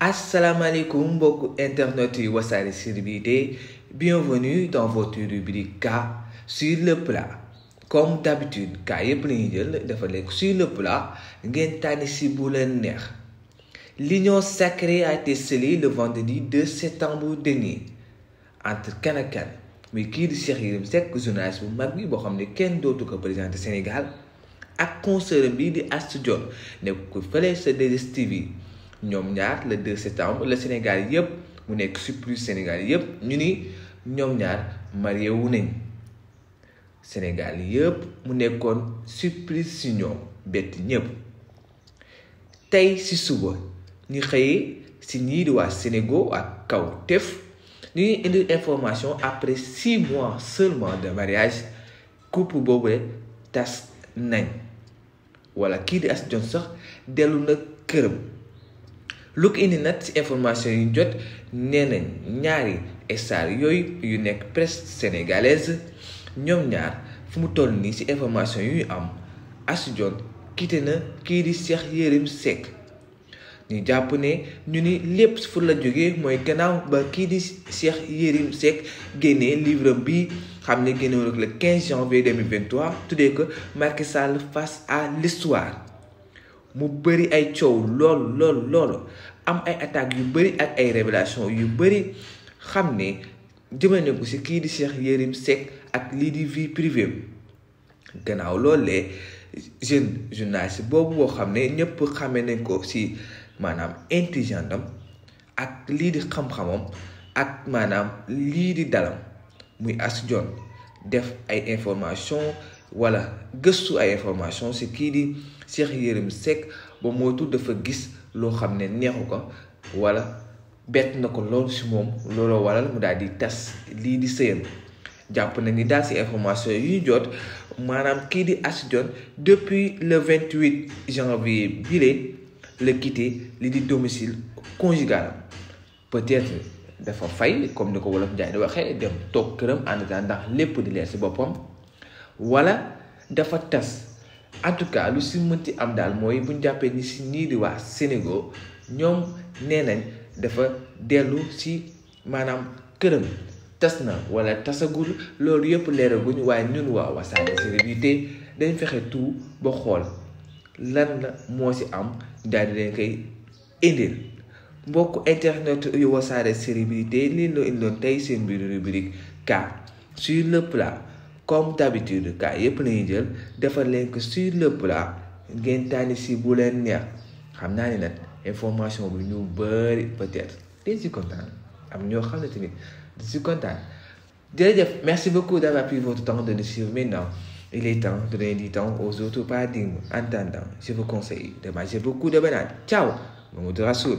Assalamu alaikum, beaucoup internautes et sir bi bienvenue dans votre rubrique K sur le plat comme d'habitude K et la sur le plat ngeen tànni l'union sacrée a été scellée le vendredi 2 septembre dernier entre Kanakane, ak kan mais kii di Cheikh Yérim Seck journaliste magui, mag bi boo xam que le ko du Sénégal ak conseiller bi di Astou Dione nekk ko fële sa ñoom ñaar le 2 septembre le Sénégal yëpp mu nekk surprise Sénégal yëpp ñu ni ñoom ñaar marié wu nañ Sénégal yëpp mu nekkoon surprise si ñoom bett ñëpp tey si suba ñu xëyee si ñii di waa Sénégal ak Kawtef ñu ngi indi information après six mois seulement de mariage couple boobu tas nañ wala kii di as jon sax dellu na këram. lu indi nag ci information yu jot nee nañ ñaari star yooyu yu nekk presse sénégalaise ñoom ñaar fu mu toll nii ci information yu am Astou Dione na kii di Cheikh Yérim Seck ñu jàpp ne ñu ni lépp fu la jógee mooy gannaaw ba kii di Cheikh Yérim Seck génne livre bi xam ne génnewoon le 15 janvier 2023 tuddee ko Macky Sall face à l'histoire mu bëri ay coow lool lool lool am ay attaques yu bëri ak ay révélation yu bëri xam ne jëmane ko si kii di Cheikh Yérim Seck ak lii di vie privée gannaaw loolee jeune journaliste boobu boo xam ne ñëpp xamee nañ ko si maanaam intelligent am ak lii di xam-xamam ak maanaam lii di dalam muy as jon def ay information wala gëstu ay information si kii di Cheikh Yérim Seck ba moytu dafa gis loo xam ne neexu ko wala bett na ko lool si moom looloo waral mu daal di tas lii di sëyam jàpp na ni daal si information yu ñu jot maanaam kii di as jot depuis le 28 janvier bii la quitté li di domicile conjugal peut-être dafa fay comme ni ko wolof Njaay di waxee dem toog këram ànd ndax lépp di leer si boppam. wala dafa tas en tout cas lu si am daal mooy bu ñu jàppee ni si ñii di waa Sénégal ñoom nee nañ dafa dellu si maanaam këram tas na wala tasagul loolu yëpp leeraguñu waaye ñun waa Wassare Célébrité dañ fexe tout ba xool lan la moo si am daal di leen koy indil mbokk internet yu Wassare Célébrité lii loo indiloon tey seen biir rubrique car sur le plat comme d'habitude y a lañuy jël defal leen que sur le plat ngeen tànni si bu leen neex xam naa nag information bi ñu bëri peut-être dañ si content am ñoo xam merci beaucoup d'avoir pris votre temps de nous suivre maintenant il est temps de donner du temps aux autres paradigmes en attendant je vous conseille de manger beaucoup de bananes ciao Mamadou Rassoul